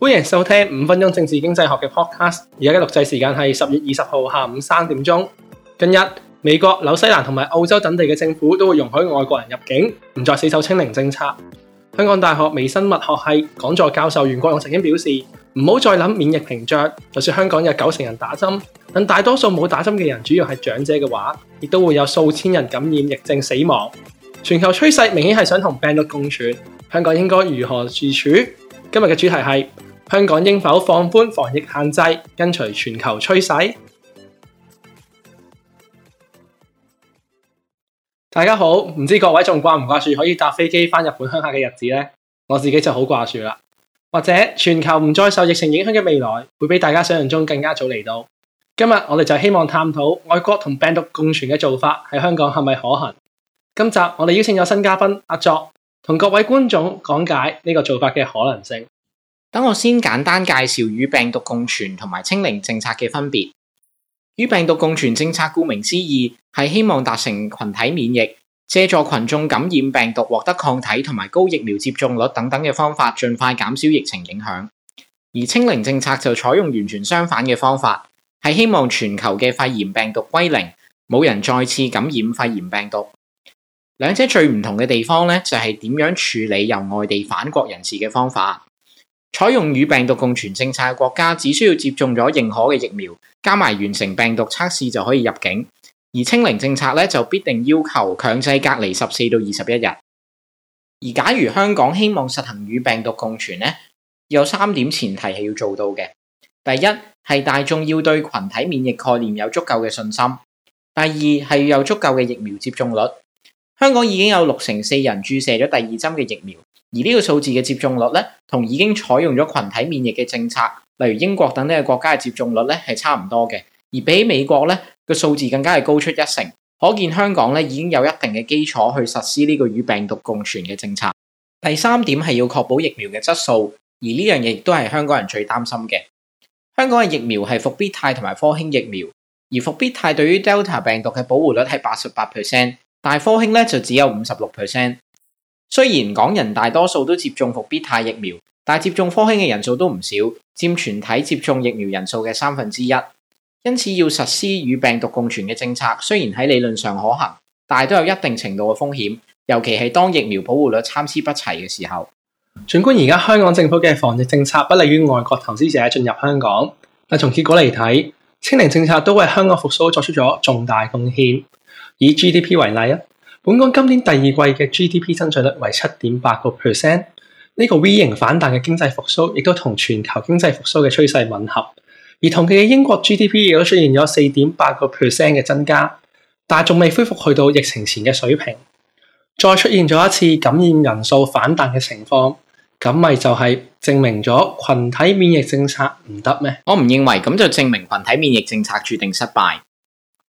歡迎收聽五分鐘政治經濟學嘅 podcast。而家嘅錄製時間係十月二十號下午三點鐘。近日，美國、紐西蘭同埋澳洲等地嘅政府都會容許外國人入境，唔再死守清零政策。香港大學微生物學系講座教授袁國勇曾經表示：唔好再諗免疫屏障，就算香港有九成人打針，但大多數冇打針嘅人，主要係長者嘅話，亦都會有數千人感染疫症死亡。全球趨勢明顯係想同病毒共存，香港應該如何自處？今日嘅主題係。香港應否放寬防疫限制，跟隨全球趨勢？大家好，唔知各位仲掛唔掛住可以搭飛機翻日本鄉下嘅日子呢？我自己就好掛住啦。或者全球唔再受疫情影響嘅未來，會比大家想象中更加早嚟到。今日我哋就希望探討外國同病毒共存嘅做法喺香港係咪可行？今集我哋邀請咗新嘉賓阿作同各位觀眾講解呢個做法嘅可能性。等我先簡單介紹與病毒共存同埋清零政策嘅分別。與病毒共存政策，顧名思義係希望達成群體免疫，借助群眾感染病毒獲得抗體同埋高疫苗接種率等等嘅方法，盡快減少疫情影響。而清零政策就採用完全相反嘅方法，係希望全球嘅肺炎病毒歸零，冇人再次感染肺炎病毒。兩者最唔同嘅地方咧，就係點樣處理由外地返國人士嘅方法。採用與病毒共存政策嘅國家，只需要接種咗認可嘅疫苗，加埋完成病毒測試就可以入境；而清零政策咧，就必定要求強制隔離十四到二十一日。而假如香港希望實行與病毒共存呢，有三點前提係要做到嘅：第一係大眾要對群體免疫概念有足夠嘅信心；第二係有足夠嘅疫苗接種率。香港已經有六成四人注射咗第二針嘅疫苗。而呢個數字嘅接種率咧，同已經採用咗群體免疫嘅政策，例如英國等呢個國家嘅接種率咧，係差唔多嘅。而比美國咧嘅數字更加係高出一成，可見香港咧已經有一定嘅基礎去實施呢個與病毒共存嘅政策。第三點係要確保疫苗嘅質素，而呢樣嘢亦都係香港人最擔心嘅。香港嘅疫苗係復必泰同埋科興疫苗，而復必泰對於 Delta 病毒嘅保護率係八十八 percent，但係科興咧就只有五十六 percent。雖然港人大多數都接種復必泰疫苗，但接種科興嘅人數都唔少，佔全體接種疫苗人數嘅三分之一。因此要實施與病毒共存嘅政策，雖然喺理論上可行，但係都有一定程度嘅風險。尤其係當疫苗保護率參差不齊嘅時候。儘管而家香港政府嘅防疫政策，不利於外國投資者進入香港。但從結果嚟睇，清零政策都為香港復蘇作出咗重大貢獻。以 GDP 為例啊。本港今年第二季嘅 GDP 增長率為七點八個 percent，呢個 V 型反彈嘅經濟復甦，亦都同全球經濟復甦嘅趨勢吻合。而同期嘅英國 GDP 亦都出現咗四點八個 percent 嘅增加，但係仲未恢復去到疫情前嘅水平。再出現咗一次感染人數反彈嘅情況，咁咪就係證明咗群體免疫政策唔得咩？我唔認為，咁就證明群體免疫政策注定失敗。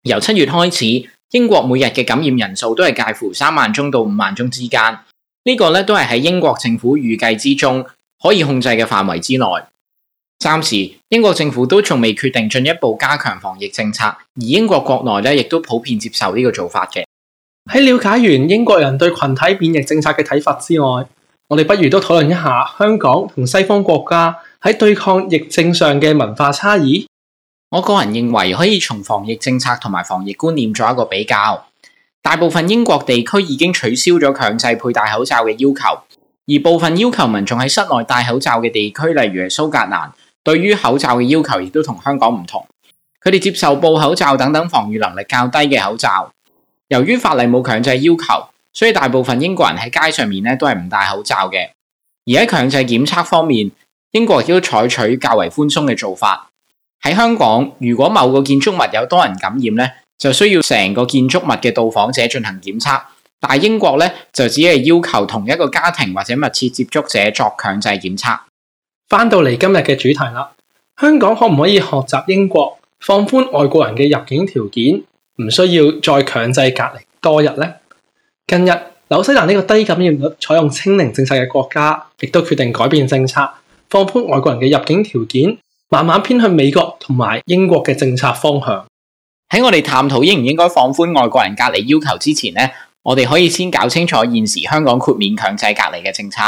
由七月開始。英國每日嘅感染人數都係介乎三萬宗到五萬宗之間，呢個咧，都係喺英國政府預計之中，可以控制嘅範圍之內。暫時英國政府都仲未決定進一步加強防疫政策，而英國國內咧，亦都普遍接受呢個做法嘅。喺了解完英國人對群體免疫政策嘅睇法之外，我哋不如都討論一下香港同西方國家喺對抗疫症上嘅文化差異。我個人認為可以從防疫政策同埋防疫觀念做一個比較。大部分英國地區已經取消咗強制佩戴口罩嘅要求，而部分要求民眾喺室內戴口罩嘅地區，例如蘇格蘭，對於口罩嘅要求亦都同香港唔同。佢哋接受布口罩等等防禦能力較低嘅口罩。由於法例冇強制要求，所以大部分英國人喺街上面咧都係唔戴口罩嘅。而喺強制檢測方面，英國亦都採取較為寬鬆嘅做法。喺香港，如果某個建築物有多人感染咧，就需要成個建築物嘅到訪者進行檢測。但係英國咧就只係要求同一個家庭或者密切接觸者作強制檢測。翻到嚟今日嘅主題啦，香港可唔可以學習英國放寬外國人嘅入境條件，唔需要再強制隔離多日呢？近日紐西蘭呢個低感染率、採用清零政策嘅國家，亦都決定改變政策，放寬外國人嘅入境條件，慢慢偏向美國。同埋英國嘅政策方向，喺我哋探討應唔應該放寬外國人隔離要求之前咧，我哋可以先搞清楚現時香港豁免強制隔離嘅政策。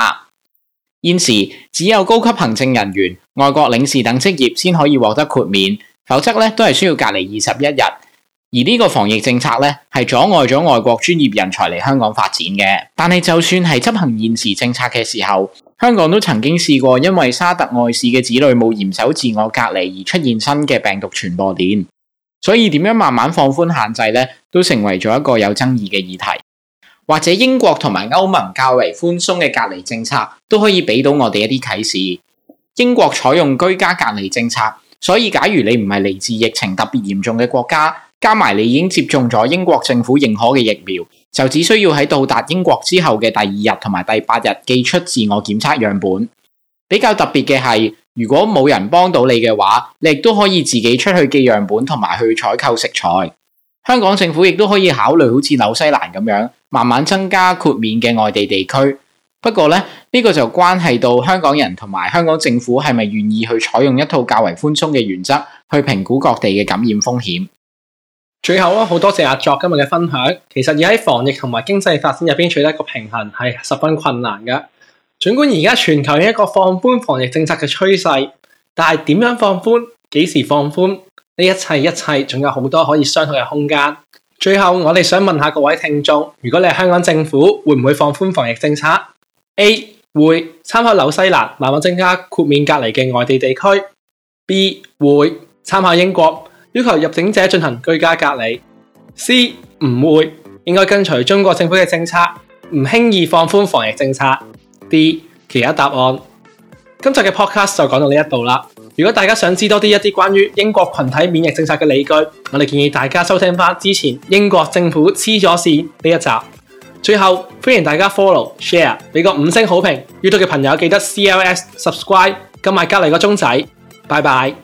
現時只有高級行政人員、外國領事等職業先可以獲得豁免，否則咧都係需要隔離二十一日。而呢個防疫政策咧，係阻礙咗外國專業人才嚟香港發展嘅。但係就算係執行現時政策嘅時候。香港都曾經試過，因為沙特外事嘅子女冇嚴守自我隔離而出現新嘅病毒傳播點，所以點樣慢慢放寬限制咧，都成為咗一個有爭議嘅議題。或者英國同埋歐盟較為寬鬆嘅隔離政策都可以俾到我哋一啲啟示。英國採用居家隔離政策，所以假如你唔係嚟自疫情特別嚴重嘅國家。加埋你已經接種咗英國政府認可嘅疫苗，就只需要喺到達英國之後嘅第二日同埋第八日寄出自我檢測樣本。比較特別嘅係，如果冇人幫到你嘅話，你亦都可以自己出去寄樣本同埋去採購食材。香港政府亦都可以考慮好似紐西蘭咁樣，慢慢增加豁免嘅外地地區。不過咧，呢個就關係到香港人同埋香港政府係咪願意去採用一套較為寬鬆嘅原則去評估各地嘅感染風險。最後好多謝阿作今日嘅分享。其實而喺防疫同埋經濟發展入邊取得一個平衡係十分困難嘅。盡管而家全球有一個放寬防疫政策嘅趨勢，但係點樣放寬，幾時放寬呢？一切一切仲有好多可以商討嘅空間。最後我哋想問下各位聽眾：如果你係香港政府，會唔會放寬防疫政策？A 會參考紐西蘭慢慢增加豁免隔離嘅外地地區；B 會參考英國。要求入境者進行居家隔離。C，唔會應該跟隨中國政府嘅政策，唔輕易放寬防疫政策。D，其他答案。今集嘅 podcast 就講到呢一度啦。如果大家想知多啲一啲關於英國群體免疫政策嘅理據，我哋建議大家收聽翻之前英國政府黐咗線呢一集。最後，歡迎大家 follow share 俾個五星好評。YouTube 嘅朋友記得 CLS subscribe，撳埋隔籬個鐘仔。拜拜。